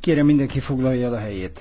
Kérem mindenki foglalja el a helyét.